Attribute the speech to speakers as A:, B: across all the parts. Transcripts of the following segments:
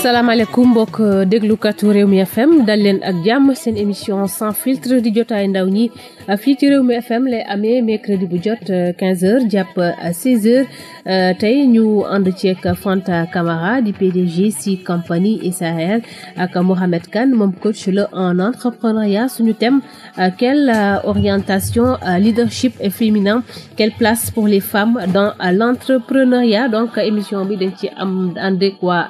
A: salaamaaleykum mbokk déglukatu réew mi FM dal leen ak jàmm seen émission sans filtre di jotaay ndaw ñi fii ci réew mi FM lay amee mercredi bu jot 15h euh, jàpp 16h euh, euh, tey ñu ànd ceeg Fanta Camara di PDG si compagnie Isahel ak Mohamed Kane moom coach la en entrepreneuriat suñu thème quelle orientation leadership et féminin quelle place pour les femmes dans l'entrepreneuriat donc émission bi dañ ci am ànd ak waa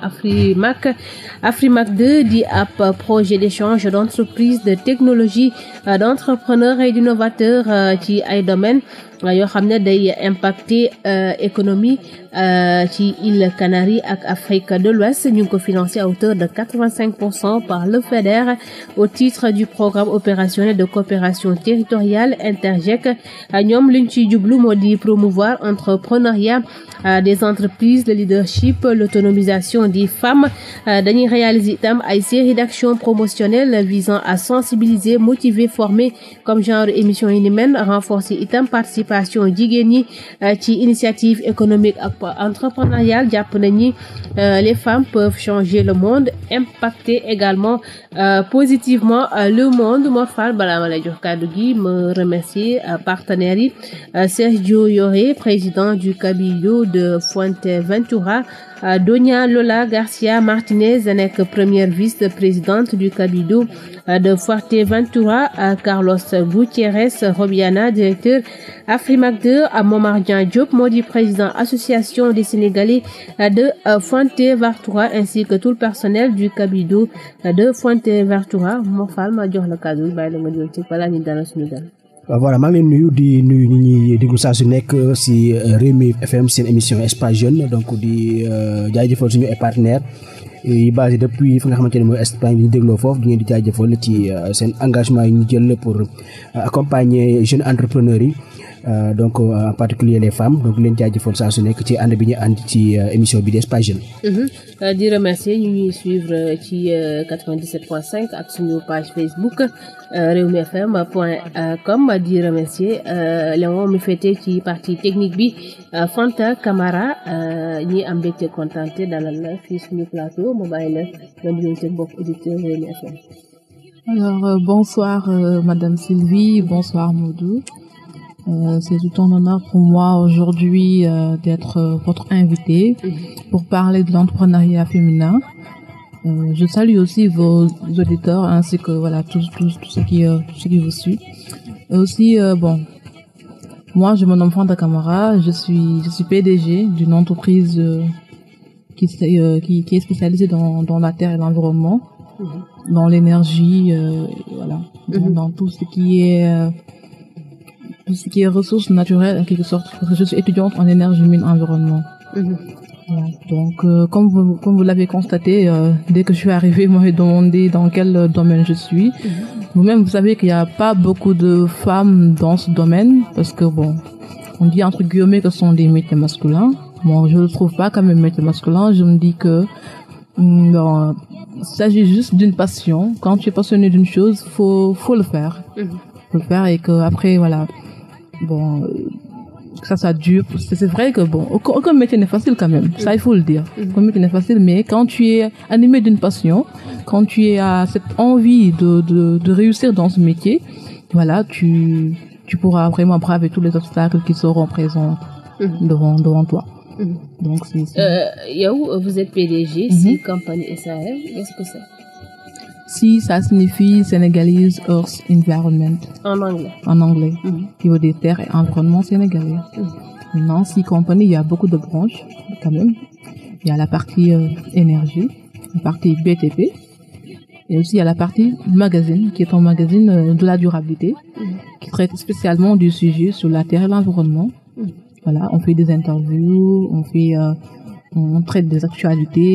A: Afrimac Afrimac di ab projet d'échange d'entreprise de technologies euh, d'entrepreneurs et d'innovateurs euh, ci ay domaines euh, yoo xam ne day impacter économie Euh, ci îles Canaries ak Afrique de l'Ouest ñu ko financé à hauteur de quatre-vingt-cinq pour par le FEDER au titre du programme opérationnel de coopération territoriale Interjec ñoom liñ ciy jublu moo di promouvoir entrepreneuriat euh, des entreprises le leadership l'autonomisation des femmes euh, dañuy réaliser itam ay série d'actions promotionnelles visant à sensibiliser motiver former comme genre émission yi ni mel renforcer itam participation jigéen ñi ci initiative économique ak entrepreneuriale jàpp nañu euh, les femmes peuvent changer le monde impacter également euh, positivement euh, le monde moo faal balaa ma lay jox kàddu gi ma remercier euh, partenaires yi Sergio Yoré président du cabildo de Fuerteventura Euh, Doña Lola Garcia Martinez nekk première vice-présidente du Cabildo euh, de Fuerteventura Carlos Gutiérrez Robiana directeur Afrimac 2 Momar Dian Diop moo di président association des Sénégalais euh, de Fuerteventura ainsi que tout le personnel du Cabildo de Fuerteventura moo faal ma jox la kàddu bàyyi la nga ñëw ci balaa
B: Euh, voilà maa ngi leen nuyu di nuyu ñu ñuy déglu saa su nekk euh, si euh, Rewmi FM seen émission Espace Jeune donc di jaajëfal suñu ay partenaires yi basé depuis fi nga xamante ne mooy Espagne ñu dégloo foofu di ngeen di jaajëfal ci seen engagement yi ñu jël pour accompagner jeune entrepreneurs yi. Euh, donc euh, en particulier les femmes donc leen jaajëfal saa su nekk ci ànd bi ñu ànd ci euh, émission bi di Espace Jeune.
A: Mhm. di remercier ñu ñuy suivre ci 97.5 ak suñu page Facebook Rewmi FM point com di remercier Léon mi féete ci partie technique bi Fanta Camara ñi am mbégte contenté dalal la fii suñu plateau ma
C: Madame Sylvie bonsoir Modou. Euh, c'est du temps d'honneur pour moi aujourd'hui euh, d'être euh, votre invité pour parler de l'entrepreneuriat féminin. Euh, je salue aussi vos auditeurs ainsi que voilà tous tous tous ceux qui euh, tous ceux qui vous suivent. Et aussi euh, bon, moi je me nomme Fanta Camara, je suis je suis PDG d'une entreprise qui, qui, qui est spécialisée dans dans la terre et l'environnement, mm -hmm. dans l'énergie voilà, mm -hmm. dans, mhm. dans, tout ce qui est ce qui est ressources naturelles en quelque sorte, parce que je suis étudiante en énergie mine environnement. Mmh. Donc, euh, comme vous, comme vous l'avez constaté, euh, dès que je suis arrivée, vous m'avez demandé dans quel domaine je suis. Mhm. Vous-même, vous savez qu'il n'y a pas beaucoup de femmes dans ce domaine, parce que bon, on dit entre guillemets que ce sont des métiers masculins. Bon, je ne le trouve pas comme un métier masculin. Je me dis que mm, non, il s'agit juste d'une passion. Quand tu es passionné d'une chose, faut faut le faire. Mhm. Faut le faire et que après voilà, bon, que euh, ça soit dur. C'est vrai que bon, aucun, aucun métier n'est facile quand même. Ça, il faut le dire. Mm-hmm. Aucun métier n'est facile, mais quand tu es animé d'une passion, quand tu as cette envie de, de, de réussir dans ce métier, voilà, tu, tu pourras vraiment braver tous les obstacles qui seront présents mmh. devant, devant toi. Mmh. Donc, c'est. Euh,
A: Yahoo, vous êtes PDG, c'est mmh. Compagnie SAM, qu'est-ce que c'est
C: Si ça signifie Senegalese Earth Environment. En anglais. En anglais. Mm -hmm. Qui veut et environnement si compagnie, y a beaucoup de branches, quand même. Il y a la partie euh, énergie, la partie BTP. Et aussi, il y a la partie magazine, qui est un magazine euh, de la durabilité, mm. qui traite spécialement du sujet sur la terre et l'environnement. Mm. on fait des interviews, on fait, euh, on traite des actualités,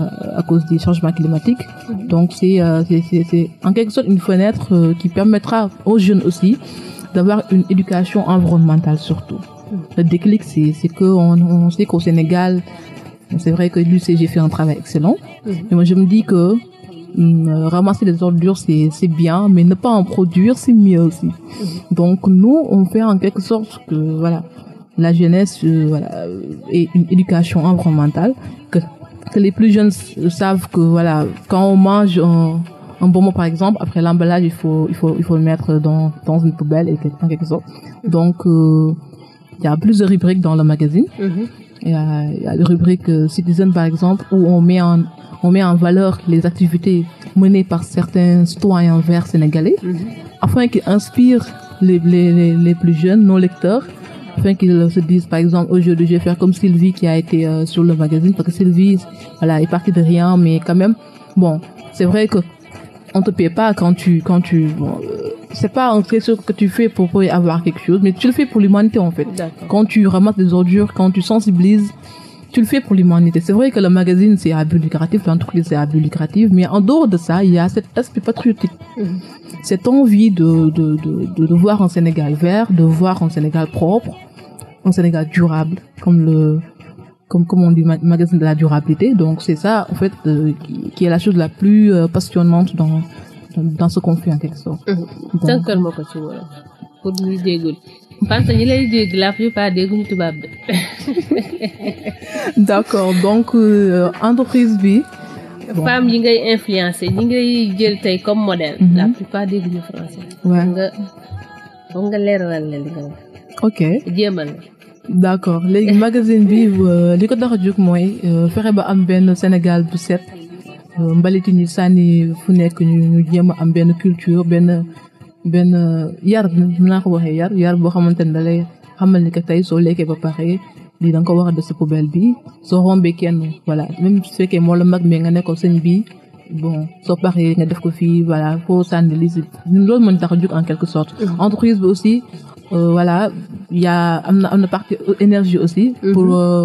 C: Euh, à cause des changements climatiques. Donc c'est euh, en quelque sorte une fenêtre euh, qui permettra aux jeunes aussi d'avoir une éducation environnementale surtout. Le déclic, c'est qu'on on sait qu'au Sénégal, c'est vrai que l'UCG fait un travail excellent. Mhm. Mais moi, je me dis que euh, ramasser les ordures, c'est bien, mais ne pas en produire, c'est mieux aussi. Mhm. Donc, nous, on fait en quelque sorte que, voilà, la jeunesse, euh, voilà, et une éducation environnementale que que les plus jeunes savent que voilà, quand on mange un, un bonbon par exemple, après l'emballage, il faut, il faut, il faut le mettre dans, dans une poubelle et quelque, en quelque sorte. Donc, euh, il euh, y a plusieurs rubriques dans le magazine. Mm-hmm. Il mm -hmm. y, a, y a la rubrique euh, Citizen par exemple où on met en on met en valeur les activités menées par certains citoyens verts sénégalais mm -hmm. afin qu'ils inspirent les, les, les, les plus jeunes, nos lecteurs, afin qu'ils se disent par exemple aujourd'hui je vais faire comme Sylvie qui a été euh, sur le magazine parce que Sylvie voilà est partie de rien mais quand même bon c'est vrai que on te paye pas quand tu quand tu bon, euh, c'est pas un truc que tu fais pour, pour avoir quelque chose mais tu le fais pour l'humanité en fait quand tu ramasses des ordures quand tu sensibilises tu le fais C'est vrai que le magazine, c'est à but lucratif, l'entreprise, c'est à but lucratif, mais en dehors de ça, il y a cet aspect patriotique. Mm-hmm. Cette envie de, voir un Sénégal vert, de voir un Sénégal propre, un Sénégal durable, comme on dit magazine de la durabilité. Donc c'est ça, en fait, euh, qui, est la chose la plus euh, passionnante dans, ce conflit en quelque sorte.
A: Mm-hmm. parce que ñi lay dégg la plupart dégguñu tubaab de.
C: d'accord donc euh, entreprise bi. femme yi
A: ngay influencer ñu ngay jël tey comme modèle. Mhm. la plupart dégguñu français. waaw nga foog nga leeralal la li nga wax. ok jéemal la.
C: d'accord léegi magasin bi euh, li ko tax a jóg mooy euh, fexe ba am benn Sénégal bu set mbalit yi ñu sànni fu nekk ñu jéem a am benn culture benn. benn yar naa ko waxee yar yar boo xamante ne da lay xamal ni que tey soo lekkee ba pare lii da nga ko war a def si poubelle bi soo rombee kenn voilà même su fekkee moo la mag mais nga nekkoon sëñ bi bon soo paree nga def ko fii voilà foo sànni li si loolu mën tax a jug en quelque sorte. Mm-hmm. entreprise bi aussi euh, voilà yaa am na am na partie énergie aussi. Mm-hmm. pour euh,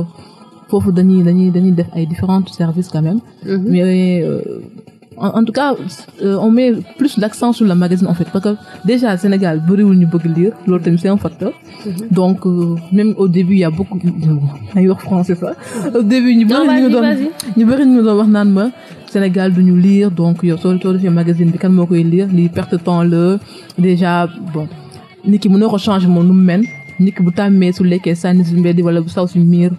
C: foofu dañuy dañuy dañuy def ay différents service quand même. Mm-hmm. mais euh, en, en tout cas euh, on met plus l'accent sur la magazine en parce que déjà Sénégal bëriwul ñu bëgg lire loolu tamit c'est un mhm. donc euh, au début y a beaucoup ay wax français ça. Mhm. au début ñu bëri ñu doon ñu bëri ñu doon wax naan ma. Sénégal du ñu lire donc yow soo soo defee magazine bi kan moo koy lire lii perte temps la déjà bon nit ki mënoo ko changer moom nu mu nit ki bu tàmmee su lekkee sànni si mbedd wala bu saw si miir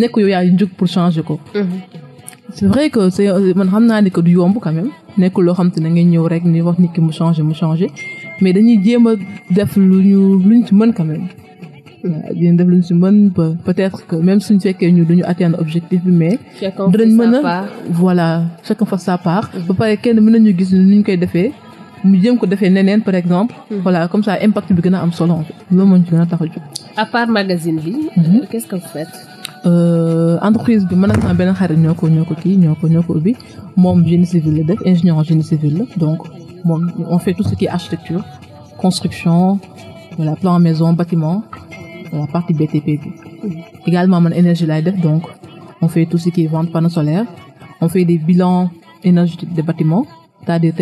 C: nekk yow yaa jug pour changer ko. Mhm. c'est vrai que c'est euh, man xam naa ni que du yomb quand même nekkul loo xam te na ngay ñëw rek ni wax nit ki mu changé mu changé mais dañuy jéem def lu ñu lu ñu ci mën quand même waaw def lu si mën ba même suñu fekkee ñu duñu atteindre objectif bi mais. dinañ mën a voilà chacun fas sa part. Mm-hmm. ba pare kenn mën nañu gis ni ñu koy defee mu jéem ko defee neneen par exemple. wala mm-hmm. comme ça impact bi gën a am solo. loolu moo ñu ci gën a tax a
A: jóg.
C: Euh, entreprise bi man ak sama benn xarit ñoo ko ñoo ko kii ñoo ko ñoo ko ubbi moom génie civil la def ingénieur génie civil la donc moom on fait tout ce qui est architecture construction voilà plan maison bâtiment la partie BTP bi. également man énergie laay def donc on fait tout ce qui est vente panneau solaire on fait des bilans énergétiques des bâtiments c'est-à-dire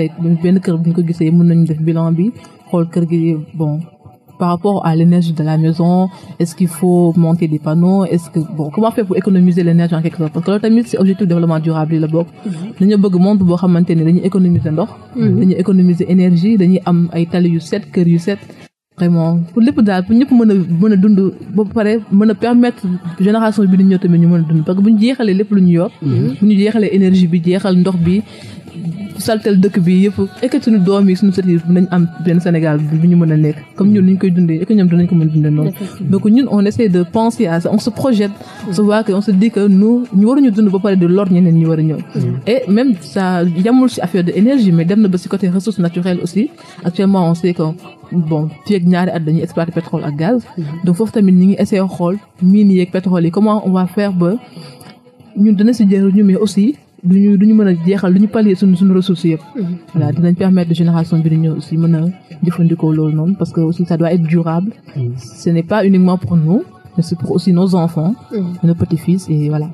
C: benn kër bu ñu ko gisee mën nañu def bilan bi xool kër gi bon. par rapport à l'énergie de la maison Est-ce qu'il faut monter des panneaux Est-ce que comment faire pour économiser l'énergie mhm. xamante ne dañuy économiser ndox. Mhm. dañuy économiser dañuy am ay tali yu set kër yu set. vraiment pour lépp daal pour ñëpp mën a mën a dund ba pare mën a permettre génération bi di ñëw tamit ñu mën a dund parce que bu ñu jeexalee lépp lu ñu yor. Mhm. bu ñu jeexalee énergie bi jeexal ndox bi. saltel dëkk bi yëpp ekk suñu doom yi suñu sët yi nañ am benn Sénégal bu ñu mën a nekk comme ñun ni ñu koy dundee ekk ñoom dinañ ko mën dundee noonu donc ñun ñu waruñu di lor ñeneen ñu war a ñëw mm. et même ça yamul ci affaire de énergie mais dem na ba ci côté ressources naturelles aussi actuellement on sait bon fii ñaari at dañuy exploiter pétrole ak gaz mm. donc foofu tamit ñi ngi essayer xool mine yeeg pétrole yi comment on va faire ba ñun dina ci jëriñu mais aussi du ñu du mën a jeexal du ñu pallier suñu suñu ressources yëpp. Mhm. voilà dinañ permettre génération bi di ñëw aussi mën a jëfandikoo loolu noonu parce que aussi ça doit être durable. Mhm. ce n'est pas uniquement pour nous mais c'est pour aussi nos enfants. Mhm. nos petits-fils et voilà.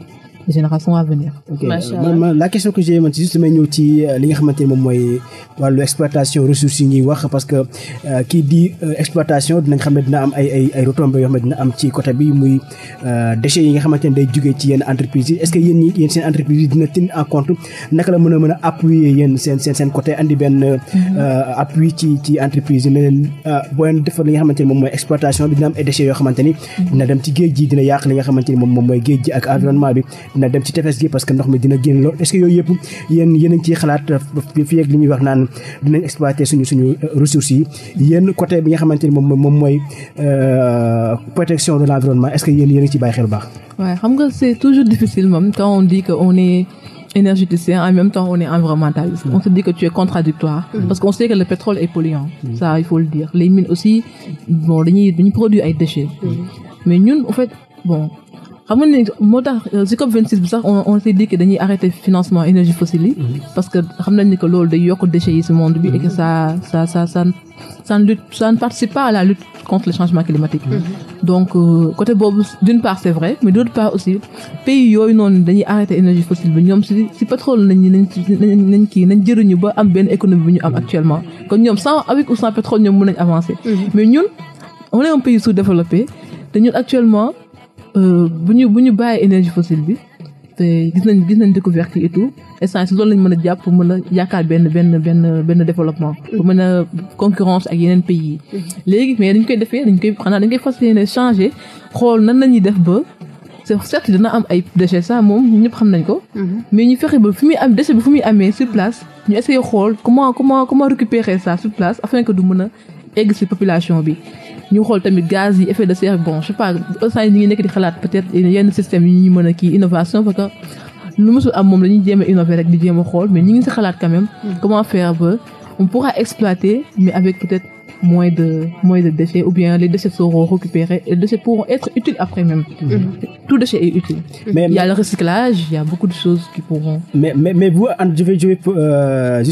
C: génération à venir. Okay. macha
B: euh, allah man la question que juste damay ñëw ci euh, li nga xamante ni moom mooy wàllu exploitation ressources yi ñuy wax parce que euh, kii di exploitation dinañ xam ne dina am xam dina am ci côté bi muy day jógee ci yenn entreprise yi est-ce que yéen ñi yéen seen entreprise dina tenir en compte naka la mën a mën a appuyer yéen seen seen seen côté andi benn mm-hmm. appui ci ci entreprise yi ne leen boo leen defar li nga xamante ni moom mooy exploitation bi dina am ay déchets yoo xamante ni mm-hmm. dina dem ci géej gi dina yàq li nga xamante ni moom moom géej gi ak environnement bi na dem ci tefes gi parce que ndox mi dina génn lool est-ce que yooyu yëpp yéen yéen a ngi ciy xalaat euh, fii ak li ñuy wax naan dinañ exploiter suñu suñu euh, ressources yi yéen côté bi nga xamante moom moom mooy euh, protection de l'environnement est-ce que yéen yéen a ngi ciy bàyyi xel baax.
C: waaw xam nga c'est toujours difficile même quand on dit que on est énergéticien en même temps on est environnementaliste on se dit que tu es contradictoire mm. parce qu'on sait que le pétrole xam nga ni moo tax si euh, COP 26 bi sax on on s'est dit que dañuy arrêter financement énergie fossile yi. Mhm. parce que xam nañ ni que loolu day yokk déchets yi si monde bi. et que ça mhm. ça ça ça ça ne lutte ne participe la lutte contre le changement climatique. Mhm. donc euh, côté boobu d'une part c'est vrai mais d'autre part aussi pays yooyu noonu dañuy arrêter énergie fossile bi ñoom si pétrole nañ kii nañ jëriñu ba am benn économie bi ñu am actuellement kon ñoom sans avec ou Euh, bu ñu bu ñu bàyyi énergie fossile bi te gis nañ gis nañ découverte yi et tout essence si loolu lañ mën a jàpp pour mën a yaakaar benn benn benn benn développement. pour mën a concurrence ak yeneen pays yi. Mhm. léegi mais dañ koy defee dañ koy xanaa dañ koy fas yéene changer xool nan la ñuy def ba. certes dana am ay déchets ça moom ñëpp xam nañ ko. Mhm. mais ñu fexe ba fu muy am déchet bi fu muy amee sur place ñu essayé xool comment comment comment récupérer ça sur place afin que du mën a egg ci population bi. ñu xool tamit gaz yi effet de serre bon je sais pas saa ñu ngi nekk di xalaat peut-être yenn système yi ñuy mën a kii innovation parce que lu am moom dañuy jéem innover rek di jéem a xool mais ñu ngi si xalaat quand même. Hmm. comment faire ba on pourra exploiter mais avec peut moins de déchets ou bien les déchets seront récupérés les déchets pourront être utiles après même. Mhm. Tout déchet est utile. il y a le recyclage, il y a beaucoup de choses qui pourront.
B: Mais vous, euh,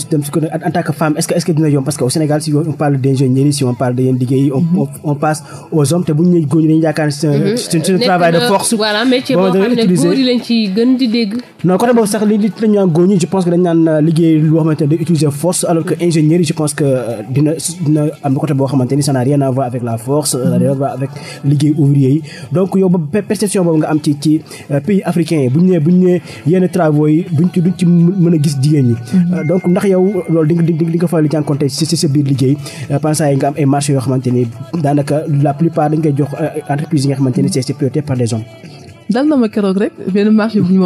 B: en, tant que femme, est-ce que dina yomb parce que au Sénégal si on parle d'ingénierie, si on parle de yenn mhm. on, passe aux hommes te bu ñu góor ñi dañu yaakaar ne mhm. de force. voilà métier boo xam ne góor yi lañ ci gën force alors que ingénierie je pense que euh, dina am côté boo xamante ni ça n'a rien à voir avec la force ça voir avec liggéey ouvrier yi donc yow ba perception boobu nga am ci ci euh, pays africains yi bu ñu nee yenn travaux yi duñ ci duñ ci mën a gis jigéen ñi mm-hmm. euh, donc ndax yow loolu di nga di nga faral di si sa biir liggéey euh, pensa nga am ay marché yoo xamante ni daanaka la plupart dañ jox entreprise yi nga xamante ni c'est sécurité par les hommes
C: dal na ma keroog rek benn marché bu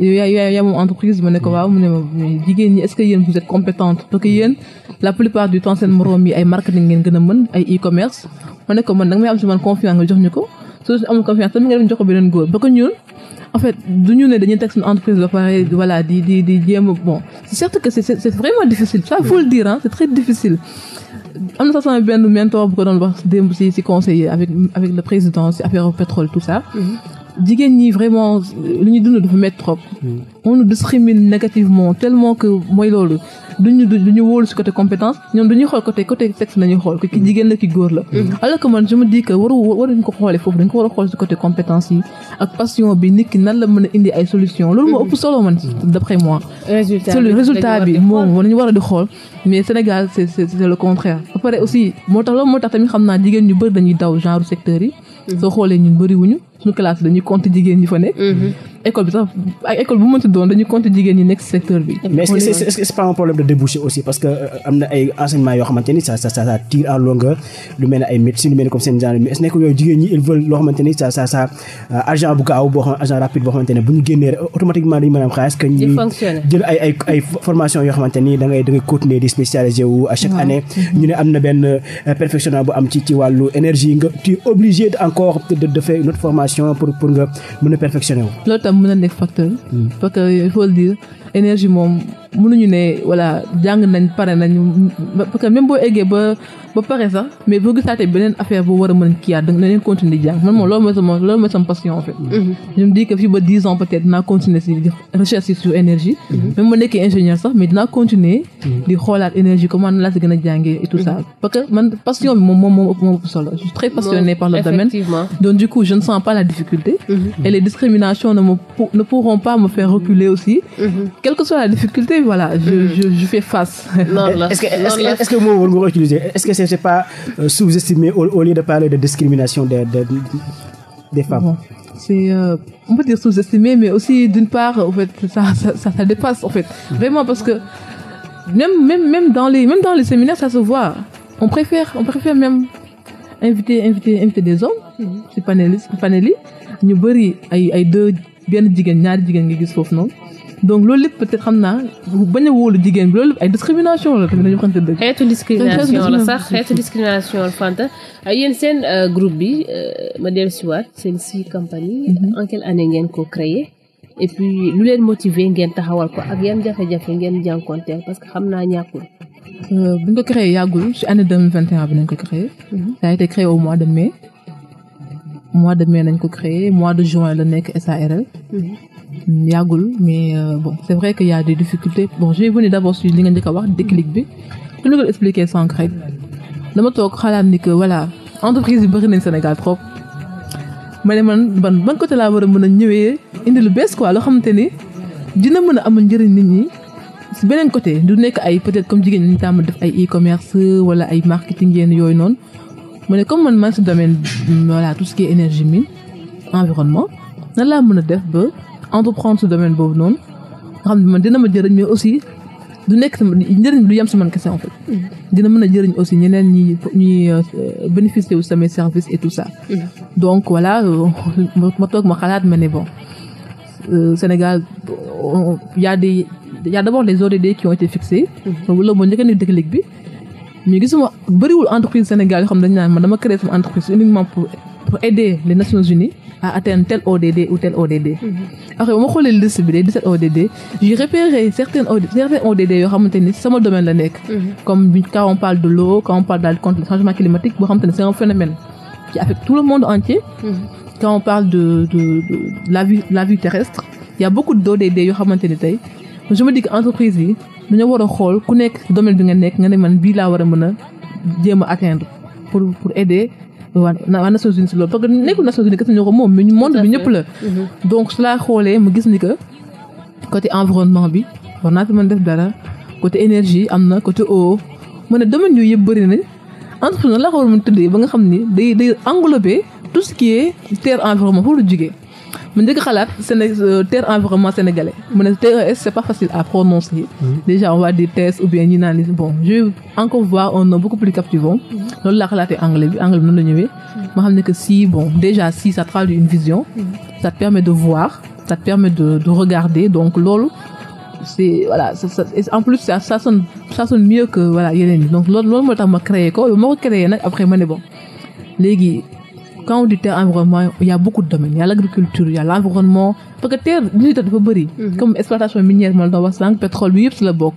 C: yaay yaa moom entreprise ma ne ko waaw mu ne ma jigéen ñi est compétente parce que yéen la plupart du temps seen moroom yi ay marketing ngeen gën a mën ay e-commerce ma ne ko man da may am ci man confiance nga jox ñu ko soo suñu amul confiance tamit nga dem jox beneen góor ba ko ñun en fait du ñu dañuy teg entreprise ba pare voilà di di di jéem bon c'est certes que c'est c'est difficile ça faut le c'est très difficile am na jigéen ñi vraiment lu ñu dund dafa métti trop. Hmm. on nous discrimine négativement tellement que mooy loolu du duñu ñu wóolu si côté compétence ñoom duñuy xool côté côté sexe nañuy xool ki hmm. jigéen ki góor la. Hmm. alors que man je me foofu dañ ko war a xool côté compétence yi ak passion bi nit ki nan la mën a indi ay solution loolu moo ëpp solo man d'après moi. résultat bi moom dañu war a di xool mais Sénégal c'est c'est le contraire. ba pare aussi moo tax loolu moo tax tamit xam naa jigéen ñu bëri dañuy daw genre secteur yi. soo xoolee ñun bëriwuñu suñu classe dañuy compte jigéen ñi fa nekk mhm. école bi sax ay école bu mënti doon dañuy compter jigéen ñi nekk si secteur bi. mais est-ce que
B: pas un problème de débouché aussi parce que euh, am na ay enseignement yoo xamante ni ça ça ça tire longueur lu mel ay médecine lu mel ne comme seen genre mais est-ce yooyu jigéen ñi ils veulent loo xamante ni ça ça ça euh, agent bu gaaw boo xam agent rapide boo xamante ne bu ñu génnee automatiquement dañu mën a am xaalis ni da ngay da ngay continuer di spécialiser wu à chaque année mm-hmm. ñu ne am na benn euh, perfectionnement bu am ci ci wàllu énergie nga tu es obligé encore de de faire pour pour nga mën
C: wu tam mën a nekk facteur. Hmm. facteur yooyu il faut le dire énergie moom mënuñu ne voilà jàng nañ pare nañ parce que même boo eggee ba ba pare sax mais boo gisaatee beneen affaire boo war a mën kiyaat da nga leen continuer di jàng man moom loolu mooy sama loolu mooy sama passion en fait. Mm-hmm. je me dis que fii ba dix ans peut être dinaa continuer si di recherche sur énergie. Mm-hmm. même ma nekkee ingénieur sax mais dinaa continuer. Mm-hmm. di xoolaat énergie comment laa si gën a jàngee et tout ça. parce que man passion bi moom moom moo ëpp moo ëpp solo je suis très passionnée par le domaine. donc du coup je ne sens pas la difficulté. et les discriminations ne me ne pourront pas me faire reculer aussi. quelle que soit la difficulté voilà je mm. je, je fais face.
B: noonu la est ce que est ce que moom utiliser est que c' pas euh, sous-estimé au, au lieu de parler de discrimination des des des femmes. Bon. c'est euh, on peut dire sous-estimé
C: mais aussi d'une part en fait ça ça ça, ça dépasse en fait vraiment parce que même même même dans les même dans les séminaires ça se voit on préfère on préfère même inviter inviter des hommes ci panélistes panéli ñu bëri ay ay deux benn jigéen ñaari jigéen nga gis foofu noonu donc loolu lépp peut xam naa bañ a wóolu jigéen bi loolu lépp ay discrimination la tamit dañu xamante dëgg. xeetu discrimination la sax xeetu
A: discrimination la Fanta yéen seen euh, groupe bi euh, ma dellu seen si compagnie. Mhm. en quelle ngeen ko créer et puis lu leen motiver ngeen taxawal ko ak yan jafe ngeen jànkonteel parce que xam naa ñàkkul.
C: Euh, bu ñu ko créé yàggul ci vingt et bi nañ ko créé. Mhm. ça a été mois de mai. mois de mai nañ ko créé mois de juin la nekk SARL. Mhm. yàggul mais euh, bon c'est vrai que y a des difficultés bon je vais venir d'abord sur li nga njëkk a wax déclic bi ku la expliquer sànq rek dama toog xalaat ni que voilà entreprise yi bëri nañ Sénégal trop ma ne man ban ban côté laa war a mën a ñëwee indi lu bees quoi loo xamante ni dina mën a amal njëriñ nit ñi si beneen côté du nekk ay peut-être comme jigéen ñi tàmm def ay e-commerce wala ay marketing yenn yooyu noonu ma ne comme man man si domaine voilà tout ce qui est énergie mine environnement nan laa mën a def ba entreprendre ce domaine boobu noonu nga xam dina ma jëriñ mais aussi du nekk sama njëriñ du yem si man kese mm. dina mën a jëriñ aussi ñeneen ñi ñuy euh, bénéficier wu samay service et tout ça. Mm. donc voilà euh, ma toog ma xalaat ma ne bon euh, Sénégal y a des y a d'abord les ODD qui ont été fixés. Mm. loolu moo njëkk a déclic bi. mais gisuma bëriwul entreprise Sénégal yoo xam ne dañu naan man dama créer sama entreprise uniquement pour pour aider les Nations Unies. à atteindre tel ODD ou tel ODD. après ba ma xoolee liste bi de 17 ODD j'ai repéré certains ODD certains ODD yoo xamante ni sama domaine la nekk. Mhm. comme quand on parle de l'eau quand on parle du changement climatique le monde entier. Mhm. quand on parle de la vie la vie terrestre il y a beaucoup yoo xamante ni tey je me dis que entreprise yi dañoo war a xool ku nekk domaine bi nga nekk nga ne man bii laa war a mën a jéem a pour aider. waa na Nations Unies si loolu parce que nekkul Nations Unies kese ñoo ko moom mais monde bi mhm. donc laa xoolee mu gis ni que côté environnement bi war naa ci mën def dara côté énergie am na côté eau mu ne domaine yooyu yëpp bëri na entreprise la laa ko war mën tëddee ba nga xam ni day day englober tout ce qui est terre environnement foofu mu njëkk xalaat Sénégal euh, terre environnement sénégalais mu ne TES c'est pas facile à prononcer. Hmm. déjà on va dire TES ou bien ñi naan bon je vais encore voir un nom beaucoup plus captivant. Hmm. loolu laa xalaatee anglais bi anglais bi noonu ñëwee. Hmm. ma xam ne que si bon déjà si ça traduit une vision. ça te permet de voir ça te permet de regarder donc loolu. c'est voilà ça, ça, en plus ça ça sonne ça mieux que voilà yeneen donc loolu loolu moo tax ma créé ko ma ko créé nag après ma ne bon léegi. quand on environnement il a beaucoup de domaines il y a l'agriculture il y parce que terre li dafa bëri. Mhm. comme exploitation minière ma la doon wax sànq pétrole bi yëpp si la bokk.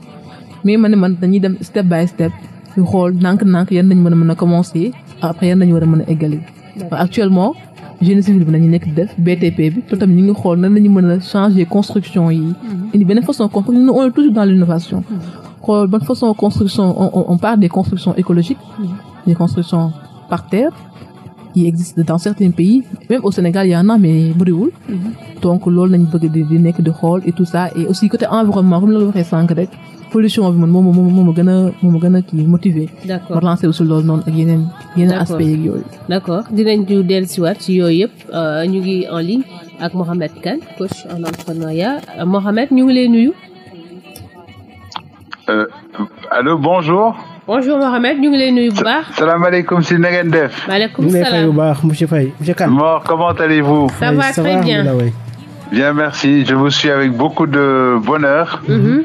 C: mais man man dañuy dem step by step di xool nànk-nànk yan lañ mën a commencer après yan lañ war a mën a égaler. actuellement génie civil bi nañu nekk def BTP bi te ngi xool nan lañu mën a changer construction yi. Mhm. indi benn façon construction on est toujours dans l'innovation. Mhm. qui existent dans certains pays même au Sénégal il y en a mais bëriwul. Mhm. donc loolu lañ bëgg di di nekk di xool et tout sax et aussi côté environnement comme la ko waxee sànq rek pollution bi man moom gën a moo gën a kii motivé. d' accord ma lancé wu si loolu noonu ak yeneen. yeneen aspects yeeg yooyu.
A: d' accord dinañ ju dellusiwaat ci yooyu yëpp euh, ñu ngi en ligne ak Mohamed Kane coach en entrepreneuriat euh, Mohamed ñu ngi lay nuyu.
D: Euh, allo bonjour. bonjour si na ngeen def.
B: monsieur Faye monsieur
D: merci je vous suis avec beaucoup de bonheur. Mm-hmm.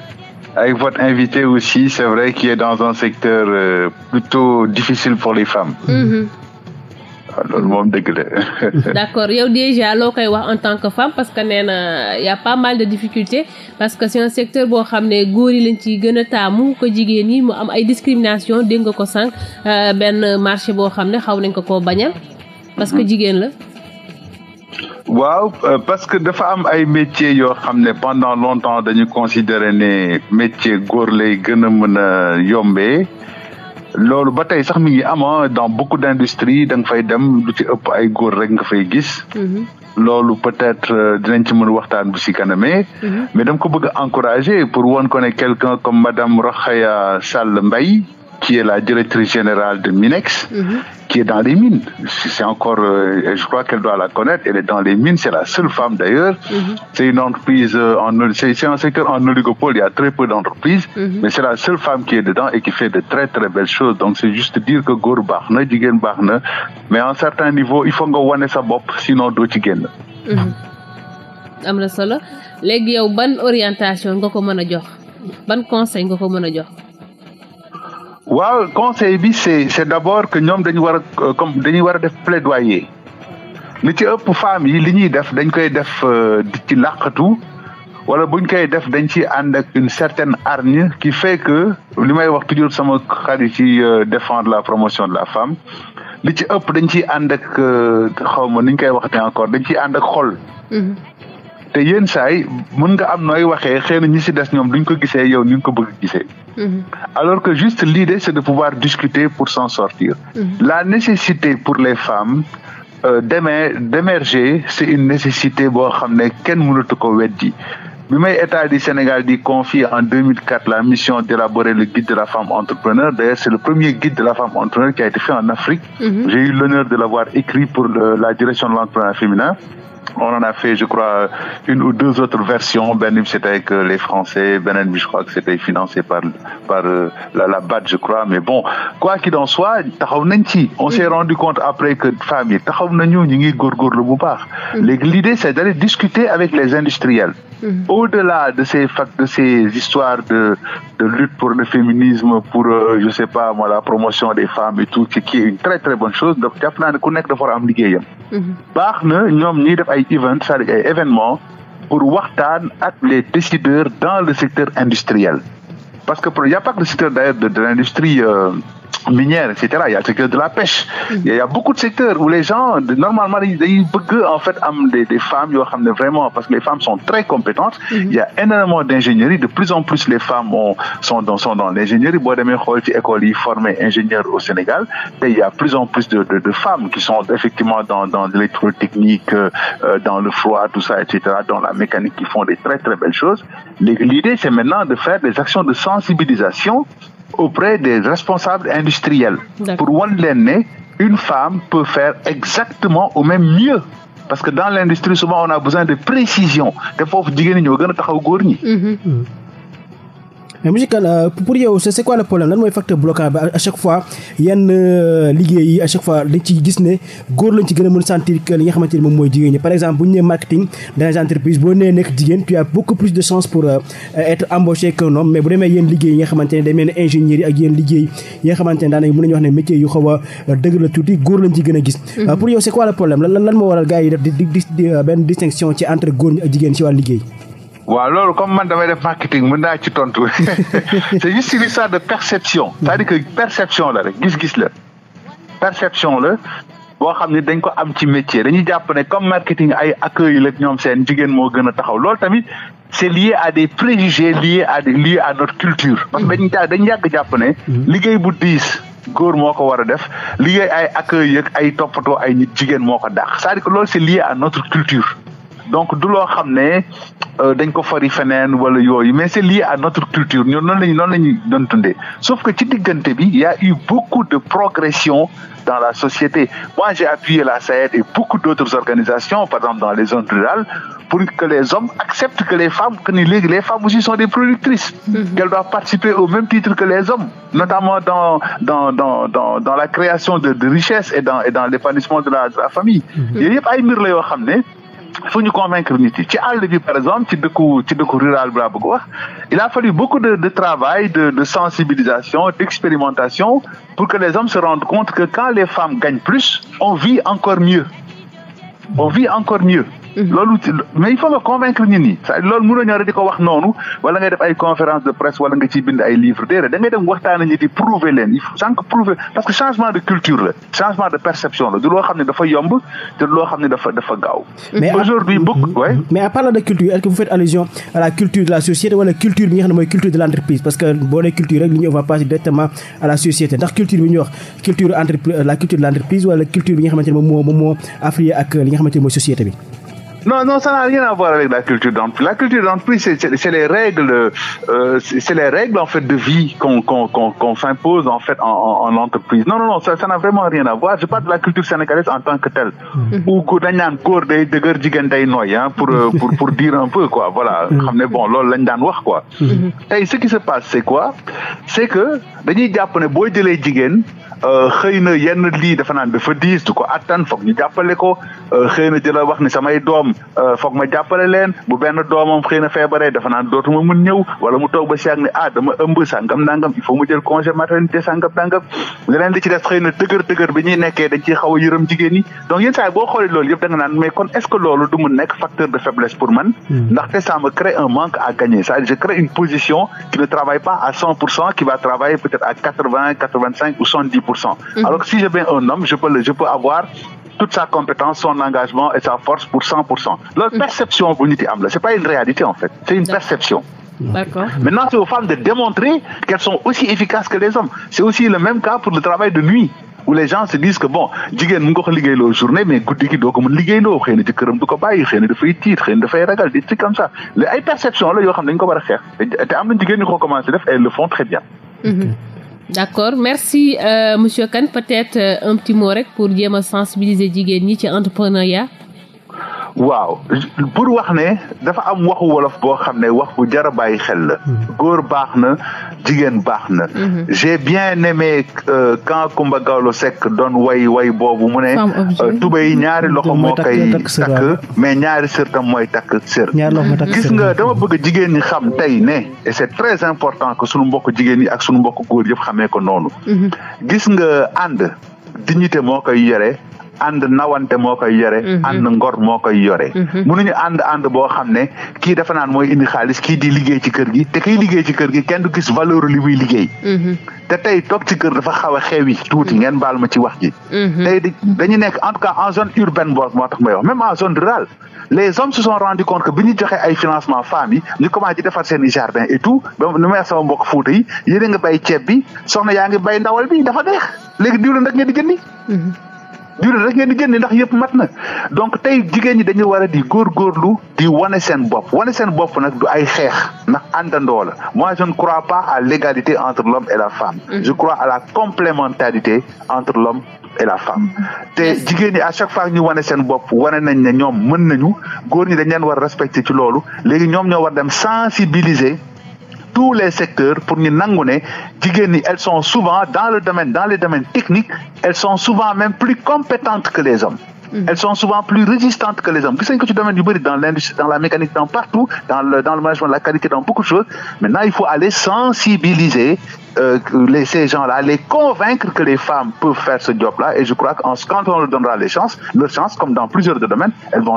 D: avec votre invité aussi c'est vrai qui est dans un secteur euh, plutôt difficile pour les femmes. Mm-hmm. loolu moom dëgg la. d'
A: accord yow déjà loo koy wax en tant que femme parce que nee na y' a pas mal de difficultés parce que c' est un secteur boo xam ne góor yi lañ ciy gën a taamu ko jigéen ñi mu am ay discrimination dégg nga ko sànq euh, benn marché boo xam ne xaw nañ ko ko bañal. parce que mm-hmm. jigéen la.
D: waaw euh, parce que dafa am ay métiers yoo xam ne pendant longtemps dañu considérer ne métier góor lay gën a mën a yombee. loolu ba tey sax mi ngi ama ah, dans beaucoup d'industries da nga fay dem lu ci ëpp ay góor rek nga fay gis. Mhm. loolu peut-être euh, dinañ ci mën waxtaan bu si kanamee. Mhm. mais dama ko bëgg a encourager pour won ko ne quelqu'un comme madame Rokhaya Sall Mbaye qui est la directrice générale de Minex, mmh. qui est dans les mines. C'est encore, euh, je crois qu'elle doit la connaître, elle est dans les mines, c'est la seule femme d'ailleurs. Mmh. C'est une entreprise, euh, en, c'est un secteur en oligopole, il y a très peu d'entreprises, mhm. mais c'est la seule femme qui est dedans et qui fait de très très belles choses. Donc c'est juste dire que Gour Barne, Jigen Barne, mais un certain niveau, il faut que Wane sa bop, sinon doo ci génn. Mhm.
A: am na solo léegi yow ban orientation nga ko mën a jox ban conseil nga ko mën a jox.
D: waaw conseil bi c'est c'est d'abord que ñoom dañu war a euh, comme dañuy war a def plaidoyer li ci ëpp femmes yi li ñuy def dañ koy def euh, di ci làqatu wala buñ koy def dañ ci ànd ak une certaine hargne qui fait li may wax toujours sama xarit ci euh, défendre la promotion de la femme li ci ëpp dañ ciy ànd ak xaw ma ni ñu koy waxte encore dañ ciy ànd ak xol mm-hmm. te yenn saay mën nga am nooy waxee xëy na ñi si des ñoom duñ ko gisee yow ni nga ko bëgg gisee mm-hmm. alors que juste l'idée c'est de pouvoir discuter pour s'en sortir mm-hmm. la nécessité pour les femmes euh, d'émer d'émerger c'est une nécessité boo xam ne kenn mënatu ko weddi bi may état du Sénégal di confier en 2004 la mission d'élaborer le guide de la femme entrepreneur d'ailleurs c'est le premier guide de la femme entrepreneur qui a été fait en Afrique mm-hmm. j'ai eu l'honneur de l'avoir écrit pour féminin on en a fait je crois une ou deux autres versions benn bi c'était avec les Français beneen je crois que c'était financé par euh, la la je crois mais bon quoi qui en soit taxaw nañ ci on s'est rendu compte après que femmes yi taxaw nañu ñu ngi góorgóorlu bu baax mm-hmm. léegi l'idée c'est d'aller discuter avec les industriels mm-hmm. au-delà de ces fac de ces histoires de de lutte pour le féminisme pour euh, je sais pas la promotion des femmes et tout qui est une très très bonne chose donc jàpp naa ne ku nekk dafa a am liggéeyam mm-hmm. ay event c'est-à-dire ay événement pour waxtaan ak les décideurs dans le secteur industriel parce que il y a pas que le secteur d'ailleurs de, de l'industrie euh, minière, etc. Il y a le secteur de la pêche. Il y a, il y a beaucoup de secteurs où les gens, normalement, ils, des, femmes, vraiment, parce que les femmes sont très compétentes. Mm -hmm. Il y a énormément d'ingénierie. De plus en plus, les femmes ont, sont dans, sont dans l'ingénierie. au Sénégal. Et il y a de plus en plus de, de, de femmes qui sont effectivement dans, dans euh, dans le froid, tout ça, etc., dans la mécanique, qui font des très, très belles choses. L'idée, c'est maintenant de faire des actions de sensibilisation auprès des responsables industriels pour wan leen ne une femme peut faire exactement ou même mieux parce que dans l'industrie souvent on a besoin de précision te foofu jigéen ñi ñoo gën a taxaw góor ñi
B: mhm. mm. mais monsieur euh, Kane pour yow c'est quoi le problème lan mooy facteur bloquant bi à chaque fois yenn euh, liggéey yi à chaque fois dañ ci gis ne góor lañ ci gën a mën sentir que li nga xamante ni moom mooy jigéen ñi par exemple bu ñu nee marketing dans les entreprises boo nee nekk jigéen tu as beaucoup plus de chance pour euh, être embauché qu'un homme mais a dëgg la tuuti góor lañ a gis mm-hmm. pour yow problème lan lan moo waral gars di di benn distinction ci entre góor jigéen ci wàllu liggéey
D: waaw loolu comme man damay def marketing mën naa ci tontu c'est juste une histoire de perception c'est-à-dire que perception la rek gis-gis la perception la boo xam ne dañ ko am ci métier dañuy jàpp ne comme marketing ay accueil la ñoom seen jigéen moo gën a taxaw lool tamit c'est lié à des préjugés liés à des liés à notre culture parce que dañuy dañ yàgg jàpp ne mm-hmm. liggéey bu diis góor moo ko war a def liggéey ay accueil ak ay toppatoo ay nit jigéen moo ko dàq cest à loolu c'est lié à notre culture donc du loo xam ne euh, dañ ko fari wala yooyu mais c'est lié à notre culture ñun noonu lañ noonu la ñu doon dundee sauf que ci diggante bi y a eu beaucoup de progression dans la société moi j'ai appuyé la SAED et beaucoup d'autres organisations par exemple dans les zones rurales pour que les hommes acceptent que les femmes les femmes aussi sont des productrices mm-hmm. qu'elles doivent participer au même titre que les hommes notamment dans dans dans la création de, de richesses et dans et dans l'épanouissement de la de la famille mm-hmm. yooyu yëpp ay mbir la yoo xam ne faut ñu convaincre nit yi ci àll bi par exemple ci dëkku ci dëkku rural bi laa bëgg wax il a fallu beaucoup de de travail de de sensibilisation d'expérimentation pour que les hommes se rendent compte que quand les femmes gagnent plus on vit encore mieux on vit encore mieux Mhm. loolu ci mais il loolu mënoo ñëw rek di ko wax noonu wala ngay def ay conférence de presse wala nga ciy bind ay livre déedéet da ngay dem waxtaan ñi di prouver leen il faut sànq prouver parce que changement de culture la changement de perception la du loo xam ne dafa yomb te du loo xam ne dafa dafa gaaw
B: aujourd'hui beaucoup mhm. ouais mais en parlant de culture est-ce que vous faites la culture de la société wala culture bi nga xam ne directement à la société ndax culture bi ñu wax culture bi
D: Non, non, ça n'a rien à voir avec la culture d'entreprise. La culture d'entreprise, c'est les règles, en fait de vie qu'on qu'on qu'on qu s'impose en fait en, en, en, entreprise. Non, non, non, ça, ça n'a vraiment rien à voir. Je parle de la culture sénégalaise en tant que telle. Mm-hmm. Ou que dañ naan góor day dëgër euh, pour dire un peu quoi. Voilà, mm-hmm. xam ne bon loolu lañ daan wax quoi. Mm-hmm. Tey ce qui se passe c'est quoi? C'est que dañuy jàpp ne boo jëlee jigéen. Euh, xëy na yenn lii dafa naan dafa diis du ko attan foog ñu jàppale ko euh, xëy na jëla wax ni samay doom euh, foog ma jàppale leen bu benn doomam xëy na feebaree dafa naan dootuma mun ñëw wala mu toog ba si ak ni a dama ëmb sàngam nangam il faut mu jël congé maternité sàngam nangam leneen li ci des xëy na tëgër tëgër bi ñuy nekkee dañ ciy xaw a yërëm jigéen ñi donc yenn saa yi boo xoolee loolu yëpp da nga naan mais kon est ce que loolu du mu nekk facteur de faiblesse pour mhm. alors si j'ai bien un homme je peux avoir. toute sa compétence son engagement et sa force pour cent pour cent loolu mhm. perception bu nit yi am la c'est pas une réalité en fait c'est une perception Maintenant c'est aux femmes de démontrer qu'elles sont aussi efficaces que les hommes c'est aussi le même cas pour le travail de nuit où les gens se disent que bon jigéen mu journée mais guddi gi doo ko mën liggéeyloo xëy na ci këram du ko bàyyi xëy na
A: d'accord merci euh, monsieur kan peut-être euh, un petit mot rek pour jéem a sensibiliser jigéen ñi ci entrepreneuriat.
D: waaw pour wax ne dafa am waxu wolof boo xam ne wax bu jar a bàyyi xel la. Hmm. góor baax na. jigéen baax na mhm. j'ai bien ne aimé euh, quand Kumba Gawlo Seck doon way way boobu mu ne euh, tubéy ñaari loxo moo koy takk mais ñaari sër tam mooy takk sër gis nga dama bëgg jigéen ñi xam tey ne et c'est très important que sunu mbokk jigéen ñi ak sunu mbokk góor yëpp xame ko noonu mhm. gis nga ànd dignité moo koy yore ànd nawante moo koy yore. Mhm. ànd ngor moo koy yore. Mhm. nu ñu ànd ànd boo xam ne kii dafa naan mooy indi xaalis kii di liggéey ci kër gi te kiy oh. liggéey ci kër gi kenn du gis valeur li muy liggéey. Mhm. te tey toog ci kër dafa xaw a xewi tuuti ngeen baal ma ci wax ji. tey dañu nekk en tout cas en zone urbaine boo moo tax may wax même en zone rurale les hommes se rendu compte que bi ñu joxe ay financement femmes yi ñu commencé di defar seen i jardin et ba nu may sama mbokk Fuuta bi soxna yaa ngi bay ndawal bi dafa neex léegi diwlin rek jullit rek ngeen di génne ndax yëpp mat na donc tey jigéen ñi dañu war a di lu di wane seen bopp wane seen bopp nag du ay xeex ndax àndandoo la mois je ne crois pas à l'égalité entre l'homme et la femme mm-hmm. je crois à la complémentarité entre l'homme et la femme mm-hmm. te jigéen ñi à chaque fois ñu wane seen bopp wane nañ ne ñoom mën nañu góor ñi dañ leen war a respecter ci loolu léegi ñoom ñoo war dem sensibiliser tous les secteurs pour ñu nangu ne jigéen ñi elles sont souvent dans le domaine dans les domaines techniques elles sont souvent même plus compétentes que les hommes mm-hmm. elles sont souvent plus résistantes que les hommes bëri dans l'industrie dans la mécanique dans partout dans le dans le management de la qualité dans beaucoup de choses maintenant il faut aller sensibiliser euh, les, ces gens-là, les convaincre que les femmes peuvent faire ce job-là. Et je crois qu'en quand on leur donnera leur chance, comme dans plusieurs domaines, elles vont,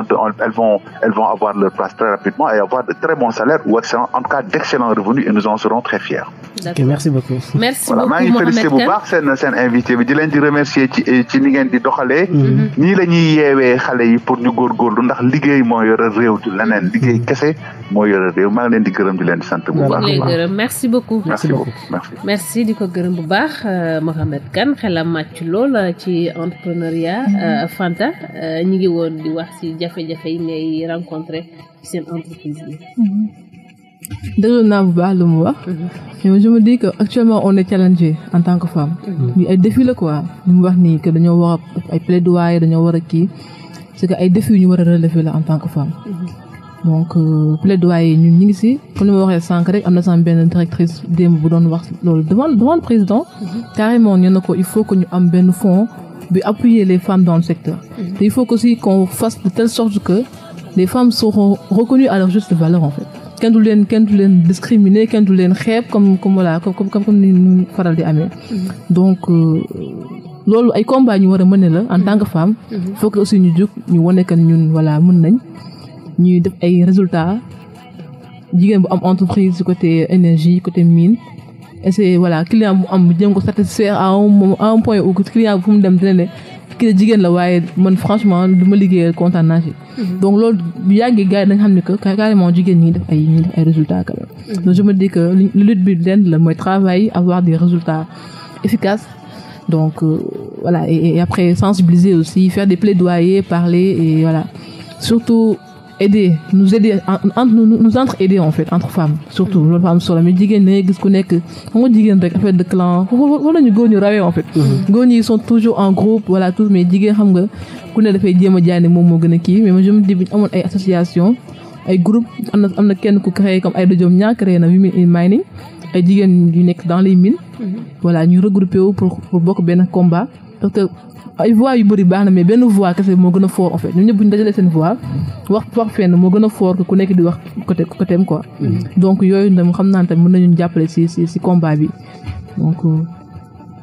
D: avoir leur place très rapidement et avoir de très bons salaires ou excellent, en tout cas d'excellents revenus. Et nous en serons très fiers.
B: Okay, merci beaucoup. Merci voilà, beaucoup. maa ngi félicité bu baax
D: seen seen invité bi di leen di remercier ci ci ni ngeen di doxalee. Mhm. Mhm. nii la ñuy yeewee xale yi pour ñu góorgóorlu ndax liggéey moo yore réew leneen liggéey kese moo yore réew maa leen di gërëm di leen di sant bu
A: merci di ko gërëm bu baax euh, Mohamed Kane xelam màcc lool euh, ci entrepreneuriat euh, Fanta ñi ngi woon di wax ci jafe-jafe yi ngay rencontrer ci seen entreprise
E: bi mhm.
C: déglu naa bu baax lu mu wax mhm. mais je me dis que actuellement on est en tant que femme ñu mhm. ay défi la quoi li mu wax nii que dañoo war a ay waaye dañoo war a kii c'est que ay défi yu ñu war a la en tant que femme donc euh, plaidoyer ñun ñu ngi si comme ni ma waxee sànq rek am na sama benn directrice démb bu doon wax loolu devant devant le président mhm. carrément ñu ne ko il faut que ñu am benn fonds bi appuyer les femmes dans le secteur mhm. te il faut que aussi fasse de telle sorte que les femmes seront reconnues à leur juste valeur en fait kenn du leen kenn du leen discriminer kenn du leen xeeb comme comme voilà comme comme ni ñu faral di amee mhm. donc euh, loolu ay combat ñu war a mëne la en tant que femme il faut que aussi ñu jug ñu voilà mën nañ ñuy def ay résultats jigéen bu am entreprise ci côté énergie côté mine essayer voilà client bu am jéem ko satisfaire à un à un point où client bu fu mu dem dina ne jigéen la waaye man franchement du ma liggéeyal kontaan naa ci mhm. donc loolu bu yàggee gars yi xam ne que carrément jigéen ñi def ay ñi def ay mhm. donc je me dis que lutte bi lenn la mooy travail avoir des résultats efficaces donc euh, voilà après sensibiliser aussi faire des plaidoyers parler et voilà surtout aider nous aider entre nous nous en fait entre femmes surtout loolu fa am solo mais jigéen da ngay gis ku nekk xam nga jigéen rek affaire de clan wala ñu góor ñu rawee en fait. Mhm. góor ñi sont toujours en groupe voilà tout mais jigéen xam nga ku ne dafay jéem a jaay ne moom moo gën a kii mais je me dis bu ñu amoon ay association ay groupe am na am na kenn ku créé comme ay dajom ñaa créé na women in mining ay jigéen yu nekk dans les mines. Mhm. voilà ñu regroupé wu pour pour bokk benn combat ay voix yu bëri baax na mais benn voix kese moo gën a fort en fait ñun ñu dajalee seen voix wax wax fenn moo gën a fort que ku nekk di wax côté côté am quoi. Mm-hmm. donc yooyu itam xam naa ne tamit mën nañu jàppale si si si combat bi donc. Euh,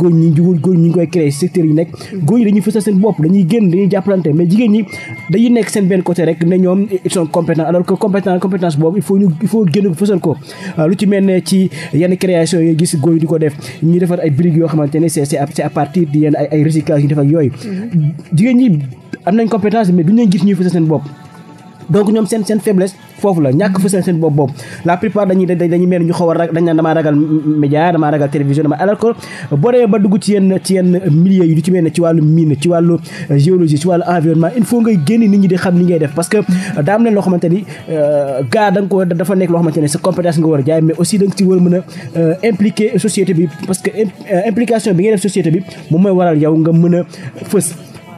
B: góor ñi jigéen góor ñi ñu ngi koy créer secteurs yi nekk góor ñi dañuy fësal seen bopp dañuy génn dañuy jàppalante mais jigéen ñi dañuy nekk seen benn côté rek ne ñoom il faut génn fësal ko euh, lu ci mel ne ci yenn création yoo xamante ne c'est c'est à yooyu mm-hmm. jigéen ñi am nañ compétence mais duñ leen gis ñuy fësal seen bopp donc ñoom seen seen faiblesse foofu la ñàkk fësal seen bopp boobu la plupart dañuy dañuy mel a dañ naan damaa ragal média damaa ragal télévision dama alors que boo demee ba dugg ci yenn ne ci euh, géologie ci wàllu environnement il ngay génn nit ñi di xam li ngay def parce que euh, daa leen loo xamante ni euh, gaa ko dafa nekk loo xamante ni compétence nga war a jaay mais aussi da nga ci war a mën a impliquer société bi parce que implication bi ngay def société bi moom mooy waral yow a fës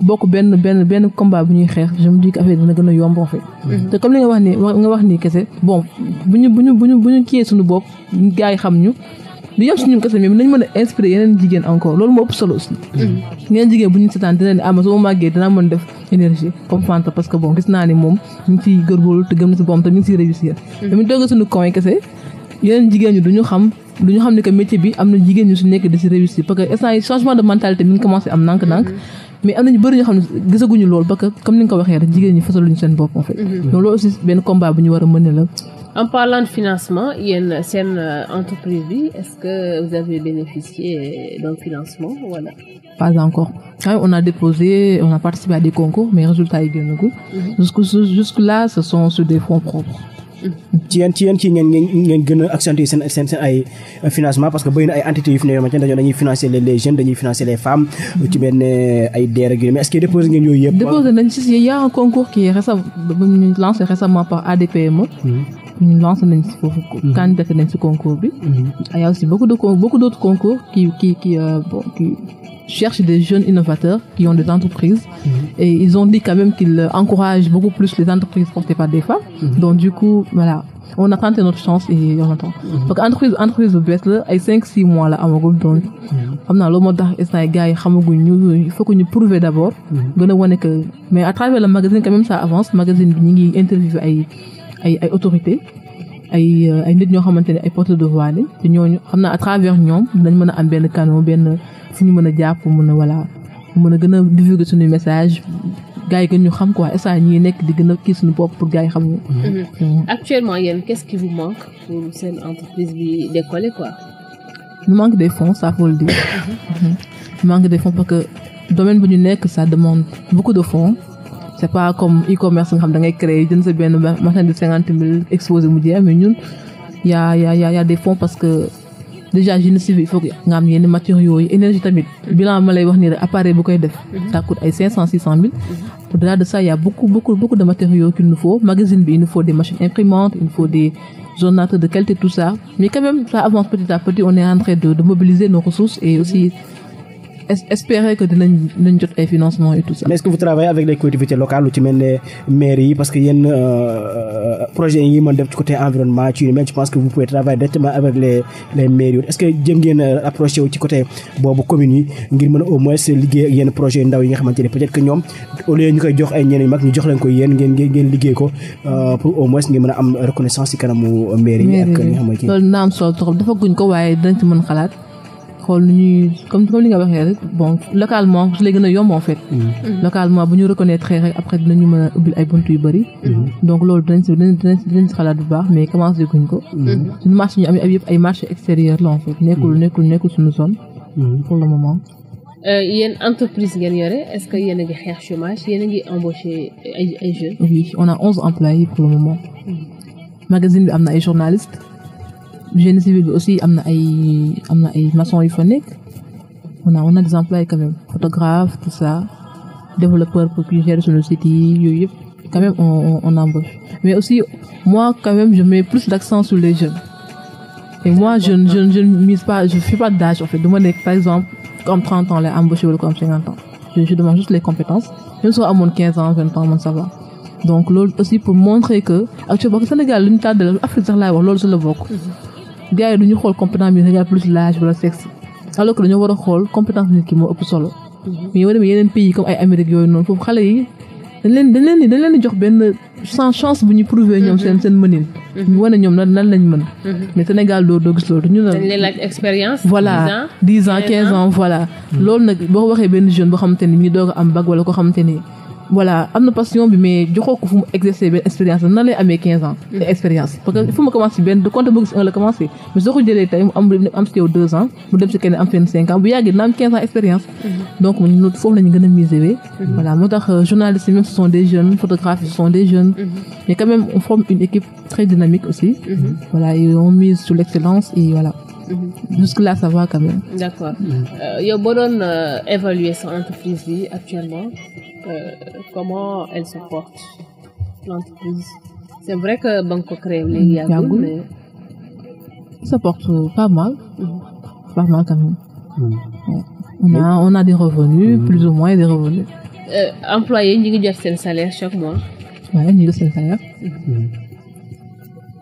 C: bokk benn benn benn combat bu ñuy xeex je me dis que affaire dina gën a yomb en fait mhm. te comme li nga wax ni kese bon bu ñu bu ñu bu ñu bu ñu kiyee suñu bopp gars yi xam ñu du yem suñu kese mais loolu moo ëpp solo aussi mhm. yeneen jigéen bu ñu seetaan dina ne ah ma su ma màggee dinaa mën def énergie comme Fanta parce bon gis naa ni moom ñu ngi ciy góorgóorlu te gëm na si boppam te ñu ngi siy réussir dañu mhm. toogee suñu coin kese yeneen jigéen ñi duñu xam du ñu xam ne que métier bi am na jigéen ñu si nekk di si réussir parce instant yi changement mais am nañu bëri ñoo xam ne gisaguñu loolu parce que comme ni nga ko waxee rek jigéen ñi fasaluñu seen bopp en fait. Mhm. donc loolu aussi benn bu ñu war a mëne la.
A: en parlant de financement yéen seen euh, entreprise bi est-ce que vous avez bénéficié euh, d'un financement
C: voilà. pas encore quand on a déposé on a participé à des concours mais résultats yi génnagul. Mhm. jusque jusque là ce sont sur des fonds propres.
B: ci yeen ci yeen ci gën a seen seen ay financement parce que bëri na ay entités yu fi ne yoo xamante ne dañuy financer dañuy financer les femmes ci benn euh, ay DER ak est que déposé ngeen yooyu yëpp déposé
C: nañ si y a un concours qui est ñu lancé récemment par ADPME mm-hmm. ñu lancé nañ si foofu mm-hmm. candidaté nañ si concours bi mm-hmm. y a aussi beaucoup de beaucoup concours qui qui qui euh, bon cherchent des jeunes innovateurs qui ont des entreprises. Mmh. Et ils ont dit quand même qu'ils encouragent beaucoup plus les entreprises portées par des mhm. Donc du coup, voilà, on a tenté notre chance et on attend. Mhm. donc entreprise entreprise bu bees la ay 5 6 mois la amagul donc mhm. xam naa loolu moo tax instant yi gars yi xamaguñ ñu il faut que ñu prouver d' abord. gën a wane que mais à travers le magazine quand même ça avance magazine bi ñu ngi interviewé ay ay ay autorités ay euh, ay nit ñoo xamante ne ay porte de voix lañ te xam naa à travers ñoom dañ mën am benn canon benn. fu ñu mën a jàpp mën a voilà mën a gën a divulguer suñu message gars yi gën ñu xam quoi instant ñuy nekk di gën a kii suñu bopp pour gars yi xam ñu. Mm-hmm. Mm-hmm.
A: actuellement yéen qu'est-ce qui vous manque pour seen entreprise bi décoller quoi.
C: il manque des fonds ça faut le dire. il mm-hmm. manque des fonds parce que domaine bu ñu nekk ça demande beaucoup de fonds. c'est pas comme e-commerce nga xam da ngay créer jën sa benn marchandise de cinquante mille exposé mu jeex mais ñun y a y a déjà génie civil il faut que nga matériaux yi énergie tamit bilan ma lay wax nii rek appareil bu koy def. ça ay cinq mhm. de ça il y a beaucoup beaucoup beaucoup de matériaux qu'il nous faut magazine bi il nous faut des machines imprimantes il faut des ordinateurs de qualité tout ça mais quand avance petit à petit on est en train de de mobiliser nos ressources et aussi. espérer que dinañ dinañ jot ay financement et tout ça.
B: mais est-ce que vous travaillez avec les collectivités locales lu ci mel ne maires yi parce que yéen euh, euh, projet yi mën def ci côté environnement ci yu mel je pense que vous pouvez travailler directement avec les les maires yi est-ce que jëm ngeen approché wu ci côté boobu communes yi ngir mën a au moins liggéey ak yenn projet ndaw yi nga xamante ne peut-être que ñoom au lieu ñu koy jox ay ñeneen mag ñu jox leen ko yéen ngeen ngeen liggéey ko euh, pour au moins ngeen mën a am reconnaissance ci kanamu maires yi. ak li nga xamante ne loolu
C: naa am solo trop dafa guñ ko waaye dinañ ci mën xalaat. xool nu comme comme li nga waxee rek bon localement su lay gën a yomb en fait. Mm. localement bu ñu reconnaître rek après dinañu mën a ubbil ay bunt yu bëri. Mm. donc loolu dinañ si dinañ si dinañ xalaat bu baax mais commencé guñ ko. Mm. suñu marché am yëpp ay marché extérieur la en fait. nekkul nekkul nekkul suñu zone. pour le moment.
A: Euh, yéen entreprise ngeen yore est-ce que yéen a ngi xeex chômage yéen a ngi embauché ay ay
C: jeunes. oui on a onze employés pour le moment. magazine bi am na ay journalistes. génie civil bi aussi am na ay am na ay maçon yu fa nekk on a un exemple ay quand même photographe tout ça développeur pour qui gère suñu site yi yooyu yëpp quand même on, on, on embauche mais aussi moi quand même je mets plus d'accent sur les jeunes et moi je je je ne mise pas je fais pas d'âge en fait duma nekk par exemple comme 30 ans lay embauché wala comme 50 ans je je demande juste les compétences même soo amoon 15 ans 20 ans man ça va donc loolu aussi pour montrer que actuellement Sénégal lu ñu tardé la Afrique sax laay wax loolu si la bokk. gars yi du ñu xool compétence bi égal plus l'âge wala sexe alors que dañoo war a xool compétence nit ki moo ëpp solo. Mhm. mais yoo demee yeneen pays comme ay Amérique yooyu noonu foofu xale yi dañ leen dañ leen dañ leen di jox benn sans chance ñu prouver ñoom seen mhm. seen mënin. Mhm. ñu wane ñoom nan nan lañ mën. mais Sénégal doo doo gis loolu ñu ne.
A: expérience. voilà dix ans quinze ans
C: voilà. loolu nag boo waxee benn jeune boo xamante ni mi ngi doog am bac wala ko xamante ni. voilà am na passion bi mais joxoo ko fu mu exercer benn expérience la nan lay amee 15 ans. te mm-hmm. expérience parce que il faut commencer benn de commencer ko jëlee mu si yow 2 ans mu dem si kenn am fenn 5 ans bu yàggee dina am 15 ans expérience. Mm-hmm. donc ñun foofu la ñu gën a miser. Mm-hmm. voilà moo tax euh, journalistes yi même ce des jeunes photographes ce sont des jeunes. mais quand même forme une équipe très dynamique aussi. voilà et on mise sur l'excellence et voilà. Mhm. jusque là ça va quand
A: d'accord mhm. euh, yow boo doon euh, évaluer sa entreprise bi actuellement euh, comment elle se l'entreprise c'est vrai que ba nga ko créé mhm. léegi yàggul mais.
C: ça porte pas mal. pas mal quand on a on a plus ou moins des revenus.
A: Euh, employés ñu ngi jot seen salaire chaque mois.
B: waaw ñu ngi salaire.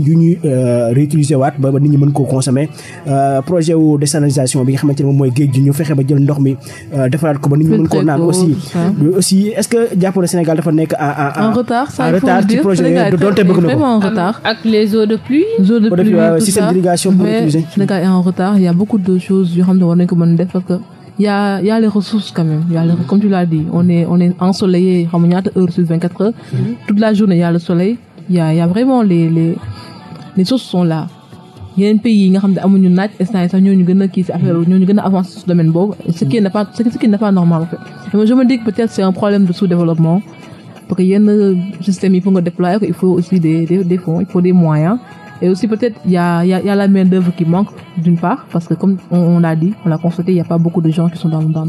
B: yu ñuy euh, réutiliser waat ba nit ñi mën koo consommer euh, projet wu désalinisation bi nga xamante ne mooy géej gi ñu fexe ba jël ndox mi euh, defaraat ko ba nit ñi mën koo naan aussi aussi est-ce que jàpp na Sénégal dafa nekk en retard ci projet yooyu donte bëgg na
A: ko ak les eaux de pluie eaux de pluie système
C: mm-hmm. comme tu l'as dit on est on est ensoleillé soleil mm-hmm. y a y a vraiment les choses sont là yeneen pays nga xam ne amuñu naaj instant yi sax ñooñu gën a kii ñooñu gën avancé si domaine boobu ce qui n'est pas ce qui fait mais je me dis peut-être c'est un problème de sous-développement parce que yenn système yi pour nga déployer il faut aussi des, fonds il faut des moyens et aussi peut-être y la main-d'œuvre qui manque d'une part parce que comme on, l'a dit on l'a constaté il y pas beaucoup de gens qui sont dans dans,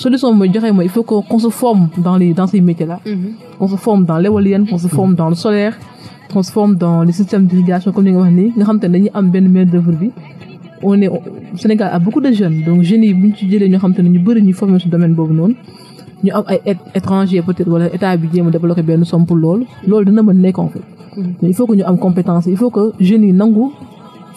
C: solution mooy joxe mooy il faut qu'on se forme dans les dans ces métiers là. Mhm. qu'on forme dans l'éolienne qu'on se forme dans le solaire. qu'on forme dans les systèmes d'irrigation comme ni nga wax nii nga xam ne dañuy am benn main d'œuvre bi. on est Sénégal a beaucoup de jeunes donc jeunes yi bu ñu ci jëlee ñoo xam te ne ñu bëri ñu formé ci domaine boobu noonu. ñu am ay étranger peut-être wala état bi jéem a développé benn somme pour lool loolu dina mën nekk en fait. Mhm. mais il ñu am compétence il faut que yi nangu.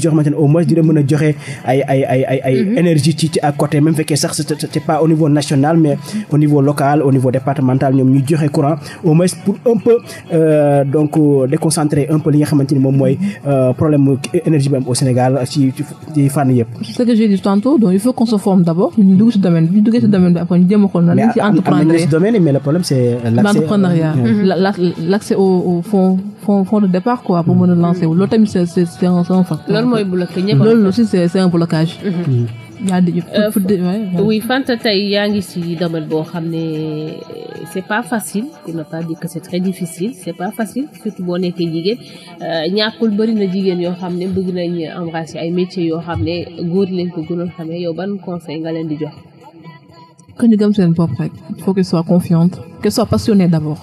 B: entreprise yoo xamante au moins dina mën a joxe ay mhm. énergie ci ci à côté même sax c'est pas au niveau national mais au niveau local au niveau départemental ñoom ñu joxe courant au moins pour un peu euh, donc euh, un peu li nga xamante moom mooy euh, problème énergie bi am au Sénégal ci ci fànn
C: c'est que j'ai dit tantôt donc il faut qu'on se forme d'abord ñu dugg ci domaine bi ñu duggee ci domaine bi après ñu jéem a ci
B: domaine mais le problème c'est l'entrepreneuriat
C: l'accès au au fonds fonds de mooy bloqué ñëpp loolu aussi c'est c'est mhm. mm. yaa di euh,
A: oui Fanta tey yaa ngi ci domaine boo xam ne c'est pas facile pour ne pas dire que c'est très difficile c'est pas facile surtout boo nekkee jigéen euh, ñàkkul bëri na jigéen yoo xam ne bëgg nañ embrasser ay métiers yoo xam ne góor leen ko gënoon xamee yow ban conseil nga leen di jox.
C: que ñu seen bopp rek. il faut soit confiante qu'elle soit passionnée d'abord.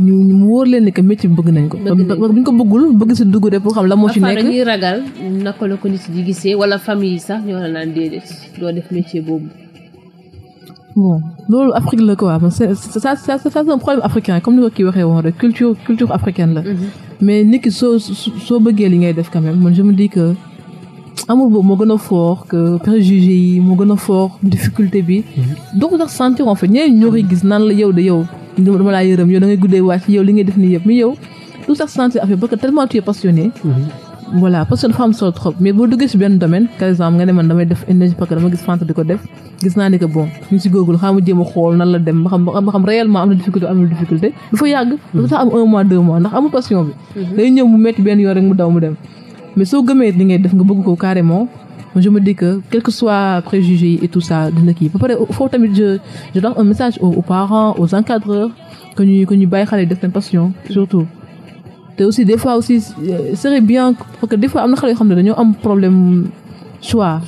C: ñu ñu wóor leen ne que métier bi bëgg nañ ko. bu ñu ko bëggul bëgg si dugg rek pour xam la moo ci nekk. dañuy
A: ragal naka la ko nit di gisee wala famille yi sax ñoo la naan déedéet doo def métier boobu.
C: bon loolu Afrique la quoi c'est ça ça c'est un problème africain comme ni ko kii waxee woon rek culture culture africaine la. Mhm. mais nit ki soo soo bëggee li ngay def quand même man je me dis que. amour boobu moo gën a fort que préjugé yi moo gën a fort difficulté bi. Mhm. donc sax sentir en fait ñeneen ñoo gis naan la yow de yow. dama laa yërëm yow da ngay guddee wàcc yow li ngay def nii yëpp mais yow tout ça sentir affaire parce que tellement tu es passionné mhm. voilà parce dafa am solo trop mais boo duggee si benn domaine par exemple nga ne damay def énergie parce dama gis fanta di ko def gis naa ni bon ñu si góorgul xam ma xool nan la dem ba xam ba xam am na difficulté amul difficulté du fa yàgg mhm. du tax am un mois ndax amul passion bi mhm. day ñëw mu metti benn je me dis que quel que soit préjugé et tout ça dina kii ba pare foofu tamit je je un message aux, aux parents aux encadreurs que ñuy que ñuy bàyyi xale def leen passion surtout te aussi des aussi euh, serait bien parce que des am na xale yoo xam dañoo am problème choix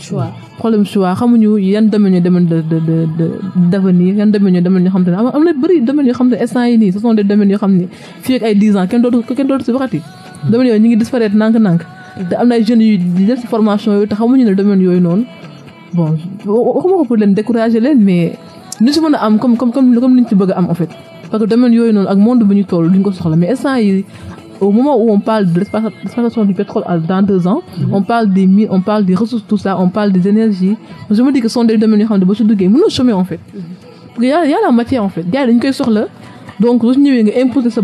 C: problème choix yan domaine ñoo domaine de de de d'avenir yan domaine ñoo domaine ñoo xam te ne am na bëri domaine yoo xam te ne instant yi nii ce sont des domaines yoo xam ne fii ak ay dix ans kenn dootu kenn dootu si waxati mm. domaine yooyu ñu ngi disparaître nànk-nànk da am na ay jeunes yu di def si formation yooyu te xamuñu ne domaine yooyu noonu bon waxuma ko pour leen décourager leen mais ñu si mën a am comme comme comme ñu soxla mais instant yi au moment où on parle de l'exploitation du pétrole dans deux ans. Mm-hmm. on parle des mines on parle des ressources tout on parle des énergies je me dis que ce sont yoo xam ne ba si duggee mënoo chômer en fait. Mm-hmm. parce que y a y a la matière en fait gars yi dañ koy soxla donc su ñëwee nga imposer sa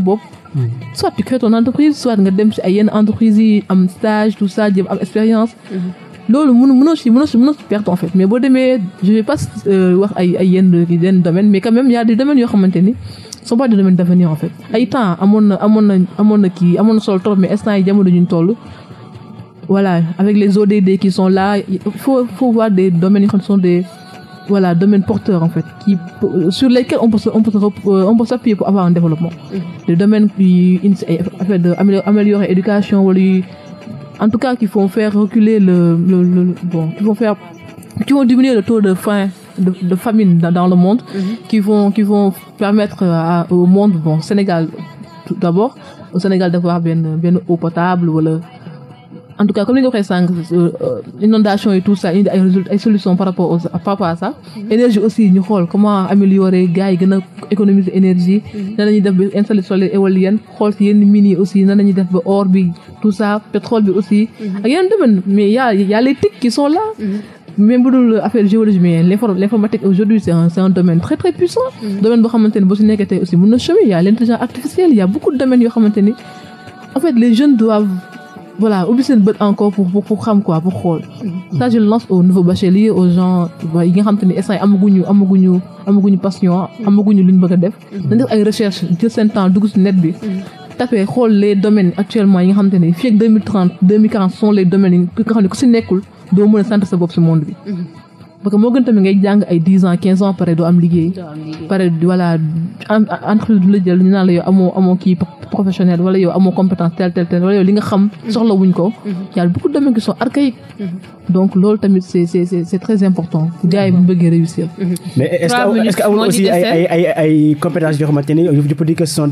C: soit tu crées ton entreprise soit nga dem si ay yenn entreprise yi am stage tout ça jéem am expérience. Mhm. loolu mun mënoo si mënoo si mënoo si perte en fait mais boo demee je vais pas euh, wax ay ay yenn yenn domaine mais quand même y di des yoo xamante ni sont pas des domaines d'avenir en fait. ay temps amoon na amoon na amoon na kii amoon na solo trop mais instant yi jamono ñu toll. voilà avec les ODD qui sont là il faut faut voir des domaines yoo xam ne sont voilà domaines porteurs en fait qui euh, sur lesquels on peut se, on euh, pour avoir un développement mm-hmm. des domaines qui affaire de améliorer l'éducation wala en tout cas qui font reculer le, le, diminuer le taux de famine dans, le monde mm -hmm. permettre au monde Sénégal d'abord au Sénégal d'avoir bien bien eau wala en tout cas comme ni nga ko waxee sànq euh, euh, inondation yi tout ça indi ay résultats ay solutions par rapport aux par rapport à mhm. énergie aussi ñu xool comment améliorer gars yi gën a énergie. Mhm. nan la ñuy def ba installer solaire éolienne xool si yenn mines aussi nan la ñuy def ba or bi tout ça pétrole bi aussi. Mhm. ak yeneen domaine mais y' a y' a les affaire géologie mais l' informatique aujourd'hui c'est un c'est un domaine très très puissant. domaine boo xamante ne boo si nekkee tey aussi mun na a l' intelligence xamante ni en voilà ubbi seen bët encore pour pour xam quoi pour xool. ça je lance au nouveau bachelier aux gens yi nga xam te ne instant yi amaguñu amaguñu amaguñu passion. amaguñu luñ bëgg a def. dañ mhm. def ay recherche jël seen temps dugg si net bi. Mhm. tapé xool les domaines actuellement yi nga xam te ne fii ak 2030 2040 sont les domaines yi nga xam ne ku si nekkul doo mën a sant sa bopp si monde bi. Mhm. parce que moo gën tamit ngay jàng ay dix ans quinze ans pare doo am liggéey. pare voilà entreprise du la jël ñu naan la yow amoo amoo kii professionnel wala yow amoo compétence tel tel tel wala yow li nga xam. Mhm. soxla wuñ ko. Mhm. y a beaucoup de domaines qui sont archaïques. Mhm. donc loolu tamit c' est c' est c' est très important. gars yi bu bëggee réussir. mais est ce que amul aussi ay
B: ay ay compétences yoo xamante ni je peux dire que ce sont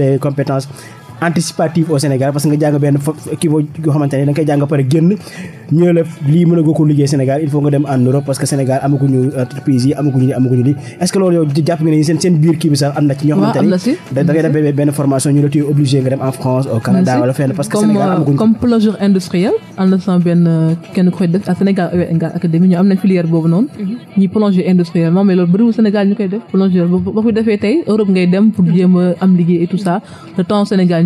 B: anticipative au Sénégal parce que nga jàng benn kii boo yoo xamante ne nga pare génn ñu la lii mën a ko liggéey Sénégal il faut nga dem en Europe parce loolu yow jàpp Sénégal
C: ñu koy def plongeur boo ko defee tey Europe ngay dem pour jéem am liggéey tout ça le temps Sénégal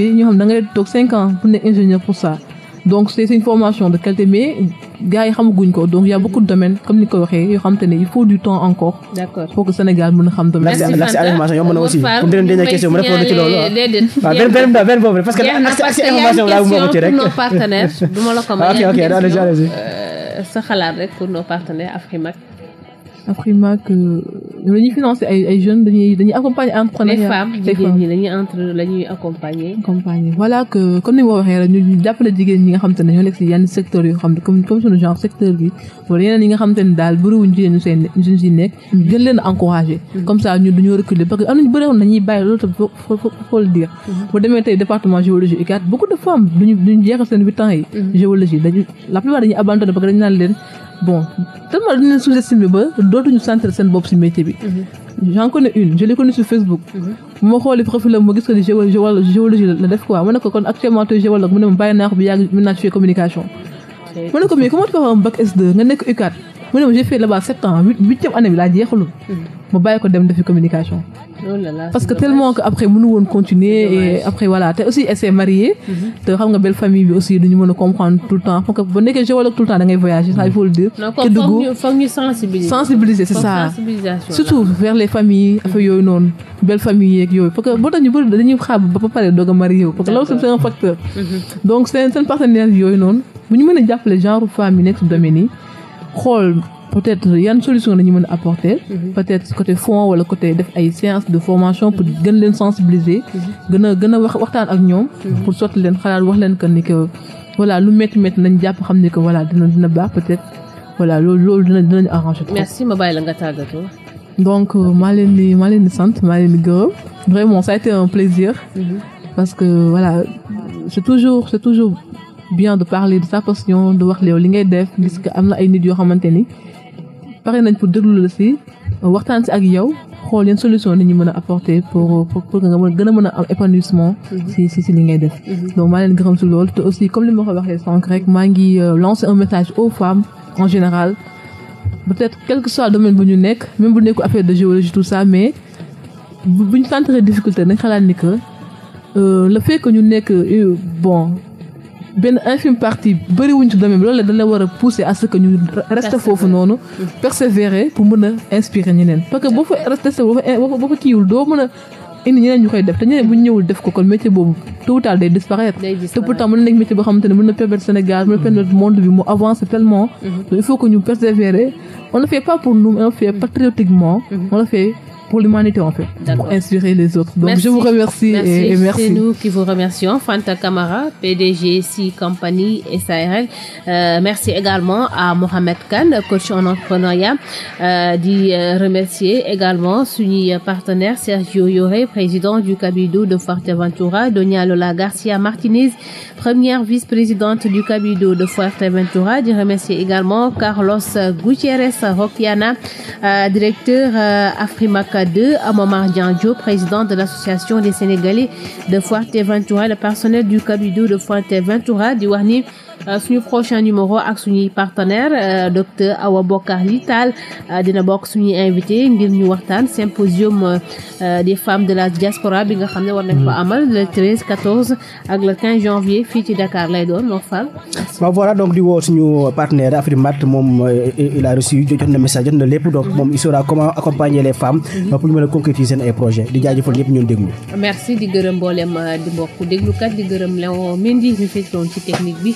C: fii ñoo xam da ngay toog cinq ans pour nekk ingénieur pour ça donc c'est une formation de qualité mais gars yi xamaguñ ko donc y a beaucoup de comme ni ko waxee yoo xam te ne il du temps encore. d'accord Sénégal mën a xam domaine. merci Fanta
B: a ci rek nos partenaires. duma la ah, euh,
A: sa xalaat rek pour nos partenaires Afrimat.
C: Afrima que dañuy financer ay ay jeunes dañuy dañuy accompagner entrepreneurs. les femmes jigéen ñi
A: lañuy entre lañuy accompagner.
C: accompagner voilà que comme ni ma waxee rek ñu jàppale jigéen ñi nga xam te ne ñoo nekk si yenn secteur yoo xam ne comme comme suñu genre secteur bi wala yeneen yi nga xam te ne daal bëriwuñ jigéen ñu seen ñu si nekk. Mm-hmm. gën leen a encourager. Mm-hmm. comme ça ñun duñu reculer parce que am nañu bëriwoon dañuy bàyyi loolu tamit foo foo foo le dire. bu demee tey département géologie UCAD beaucoup de femmes duñu duñu jeexal seen huit ans yi. Mm-hmm. géologie dañu la plupart dañuy abandonné parce que dañu naan leen bon tellement dañu leen sous-estimé ba dootuñu centre seen bopp si métier bi. Mhm. j'en connais une je l'ai sur Facebook. moo mhm. xooli profil la gis ko ni géologie la def quoi ma ne ko kon actuellement tey géologue mu ne ma bàyyi naa ko bi yàgg mën naa ci communication. ma ne ko mais comment tu peux avoir un bac nga nekk u mu ne ma j'ai fait là-bas sept ans huit huitième année bi laa jeexalul. Hmm. ma bàyyi ko dem defi communication. parce que tellement que après mënu woon continuer après voilà te aussi elle s'est hmm. te xam nga belle famille bi aussi duñu mën a comprendre tout le temps parce nekkee géologue tout te dugg foog ñu sensibiliser. sensibiliser c'est surtout vers les familles affaire yooyu noonu belle famille yooyu parce que boo tax ñu bëri dañuy xaar ba pare doog a marié wu parce que loolu c'est un facteur. Hmm. donc seen seen partenaires yooyu noonu bu ñu mën xool peut-être yan solution la ñu mën a apporter. Mhm. peut-être côté fond wala côté def ay séance de formation pour gën leen sensibiliser. Mhm. gën a gën a wax waxtaan ak ñoom. Mhm. pour sotti leen xalaat wax leen que ni que voilà lu métti métti nañ jàpp xam ni que voilà dina dina baax peut-être voilà loolu loolu dina dinañu arranger. merci
A: ma bàyyi la nga tàggatoo.
C: donc euh, maa leen di maa leen di sant maa leen di gërëm vraiment ça a été un plaisir. parce que voilà c'est toujours c'est toujours. bien de parler de sa passion de wax yow li ngay def gis que am na ay nit yoo xamante ni pare nañ pour déglu la si waxtaan si ak yow xool yenn solution la ñu mën a apporter pour pour nga mën gën a mën a am épanouissement. Mhm. si si li ngay def. Mhm. donc maa leen gërëm si loolu te aussi comme li ma ko waxee sànq rek maa ngi euh, lancer un message aux femmes en général peut-être quel que soit domaine bu ñu nekk même bu nekku affaire de géologie tout ça mais bu ñu sentir difficulté nañ xalaat ni que euh, le fait que ñu nekk euh, bon. benn infime partie bëriwuñ ci domaine bi loolu dañ la war a pousser à ce que ñu reste foofu noonu persévérer pour mën a inspirer ñeneen parce que boo fa kiiwul doo mën a indi ñeneen ñu koy def te ñeneen bu ñëwul def ko kon métier boobu tôt ou tard day disparaître te pourtant mën nekk métier boo xamante ne mën na permettre Sénégal mën na permettre monde bi mu avancer tellement mm-hmm. il faut que ñu persévérer on le fait pas pour nous on le pour l'humanité en fait, pour inspirer les autres.
A: Fanta Kamara, PDG Si Company SARL. Euh, merci également à Mohamed Khan, coach en entrepreneuriat, euh, di euh, remercier également suñuy partenaire Sergio Yoré, président du Cabildo de Fuerteventura, Donia Lola Garcia Martinez, première vice-présidente du Cabildo de Fuerteventura, di remercier également Carlos Gutiérrez Roquiana, euh, directeur 2 à Momar Diop, président de l'Association des Sénégalais de Fuerteventura, le personnel du cabinet de Fuerteventura, du Warni Euh, suñu prochain numéro ak suñuy partenaire euh, docteur Awa Bokar taal euh, dina bokk suñuy invité ngir ñu waxtaan symposium des femmes de la diaspora bi nga xam ne war nañ ko mm. amal le 13 14 ak le 15 janvier fii ci Dakar lay doon Mor Fall
B: waaw voilà donc di woo suñu partenaire Afrimat moom il a reçu jot na message jot na lépp donc moom il saura comment accompagner les femmes mm-hmm. pour ñu mën a concrétiser seen ay projet di jaajëfal ñëpp ñun déglu
A: merci di gërëm mboolem di mbokk déglukat di gërëm Léon Mendy ñu ci technique bi